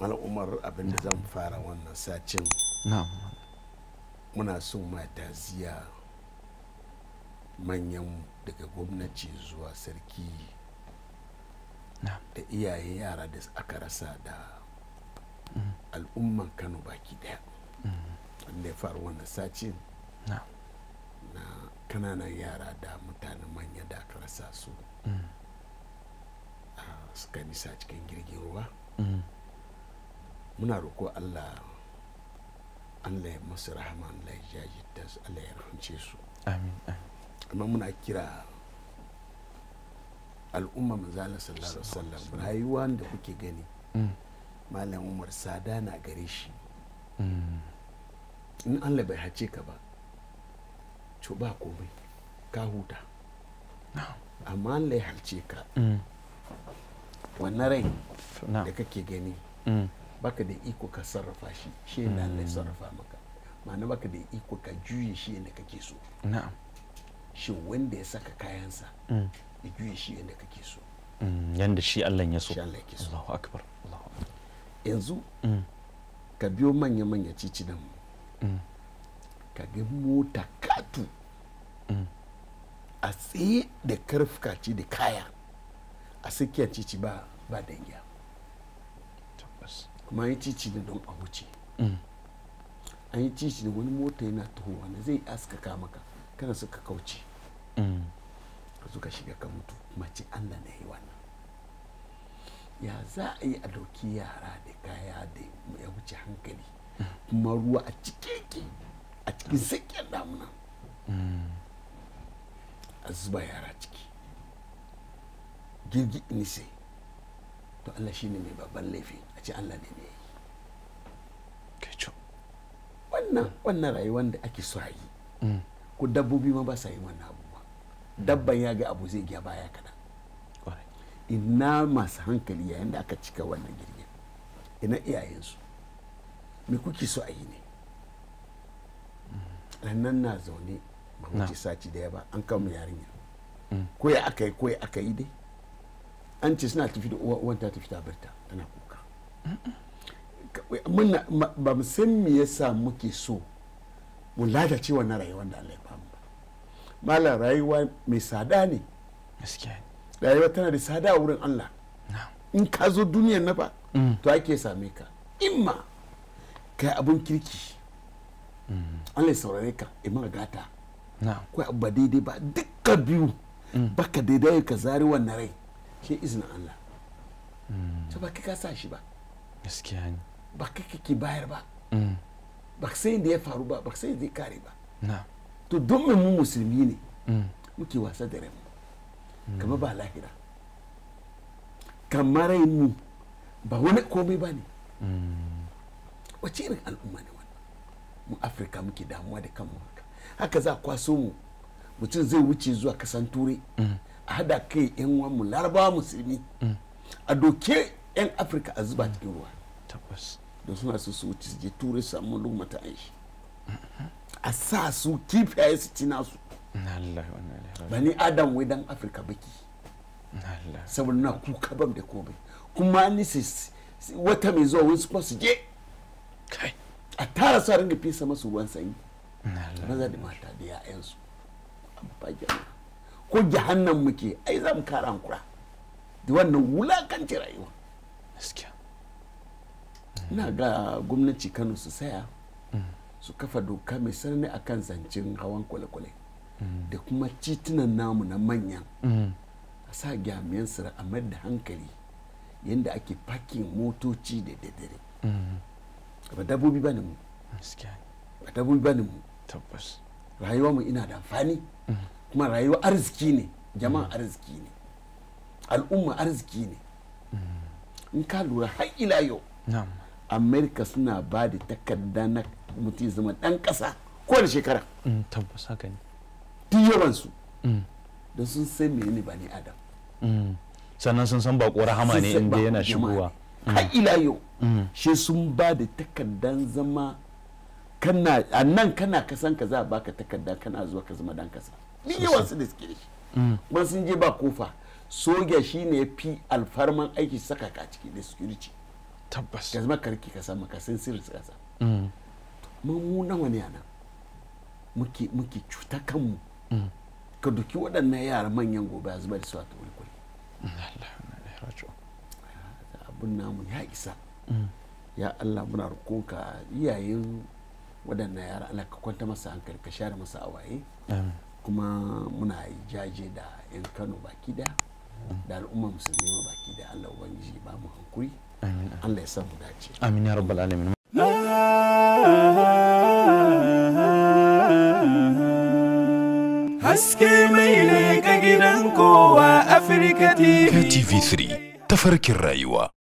mana umar abin zan fara wannan sacin muna son mata ziya manyan daga gwamnati zuwa sarki da iyaye yara da aka rasa da mm. al'umman kano baki daya wanda mm. ya faru wannan sacin na kananan yara da mutane manya da aka rasa su mm. ah, suka nisa cikin girgin ruwa muna roƙo allah allah ya masu rahama allah ya jaji su allah ya rahance su Amin, amma muna kira al'umma manzala sallallahu alaihi wasallam rayuwa da kuke gani mm. malam umar sada na gare shi mm. in allah bai hace ka ba to ba komai ka huta amma allah ya halce ka mm. wannan rai da kake gani baka da iko ka sarrafa shi shi ne Allah ya mm. sarrafa maka ma'ana baka da iko ka juye shi yadda kake so na'am shi wanda ya saka kayansa mm. ya juye shi yadda kake so mm, yanda shi Allah ya so Allah so Allahu akbar Allahu yanzu ka biyo manya manya cici da mu ka ga mota katu a tsaye da karfuka ce da kaya a sakiya cici ba ba dangiya kuma yi cici da don a wuce mm. an yi cici da wani mota yana tuhowa na zai askaka maka kana suka kauce mm. ka suka shiga ka mutu mace allah na yi wannan ya za a yi a dauki yara da kaya da ya wuce hankali kuma ruwa a cikin a cikin mm. sakin damuna a zuba yara ciki girgi inise to Allah shine mai babban laifi a ce Allah ne mai wannan wannan rayuwar da ake so yi mm. ku dabbobi ma ba sa yin wannan abubuwa dabban ya ga abu zai giya baya kana ina masu hankali yayin da aka cika wannan girgin ina iyayensu me kuke so a yi ne mm. Nan na zaune ba wuce sati daya ba an kawo yarinya mm. ko ya aka yi ko ya aka yi dai an ce suna tafi da uwan ta tafi ta barta tana kuka mun ba mu san me yasa muke so mu lada ce wannan rayuwar da Allah ya famu ba malam rayuwa mai sada ne rayuwa tana da sada a wurin Allah in ka zo duniyar na ba to ake same ka imma ka abun kirki Allah ya saurare ka ima gata ko abu ba daidai ba dukkan biyu baka daidai ka zari wannan rai ke izinin Allah ta ba ka sa shi ba gaskiya ne ba ka kake bayar ba mm. ba ka sai da ya faru ba ba ka sai da ya kare ba to don mu musulmi ne mm. muke wasa da rai mm. kama ba lahira kamar mu ba wani komai ba ne wace irin al'umma ne wannan mu afirka muke damuwa da kanmu haka za kwaso mu mutum zai wuce zuwa kasan turai hada kai yan mu laraba musulmi mm. a doke yan afirka a zuba cikin ruwa mm. da suna su su wuce je turai samu lumata an shi a sa su kifiyaye su ci nasu bani adam wai dan afirka baki saboda na kuka bam da kobe kuma ni wata mai zuwa wani kuma su je a tara su a ringa fesa masu ruwan sanyi maza da mata da 'ya'yansu a bakin ko jahannan muke ai za mu kara hankura da wannan wulakanci rayuwa ina ga gwamnati kano su saya su kafa doka mai sanani kan zancen hawan kwale-kwale da kuma titunan namu na manyan a sa gyamiyan sura a da hankali yadda ake fakin motoci da daddare ba dabobi ba ne mu ba dabobi ba ne mu rayuwa mu ina da amfani kuma rayuwa arziki ne jama'a arziki ne al'umma arziki ne in ka lura har ila yau amerika suna ba da takarda na mutum zama dan kasa kowane shekara mm, tabbasa haka ne duk su mm. don sun sai menene ba ni adam mm. sannan sun san bako rahama ne inda yana shigowa har ila yau shi sun ba da takardan zama kana a nan kana kasan ka za a baka takarda kana zuwa ka zama dan kasa ni yi wasu da suke shi mm. kuma sun je ba kofa soja shine ya fi alfarman aiki saka ka ciki da security tabbas ka zama karki ka samu ka san sirri su kasa mm. mu nawa ne anan muke cuta kanmu mm. ka duki waɗannan yara manyan gobe a zuba da su a tawul kuri abin namu ya isa ya Allah muna ka iyayen waɗannan yara ra'ala ka kwanta masa hankali ka share masa awaye kuma muna jaje da 'yan kano baki daya da al'umma musulmi ma baki daya Allah ubangiji ba mu hankuri Allah ya sa mu dace amin ya rabbal alamin haske mai ne ga gidan kowa Afirka TV. 3 tafarkin rayuwa.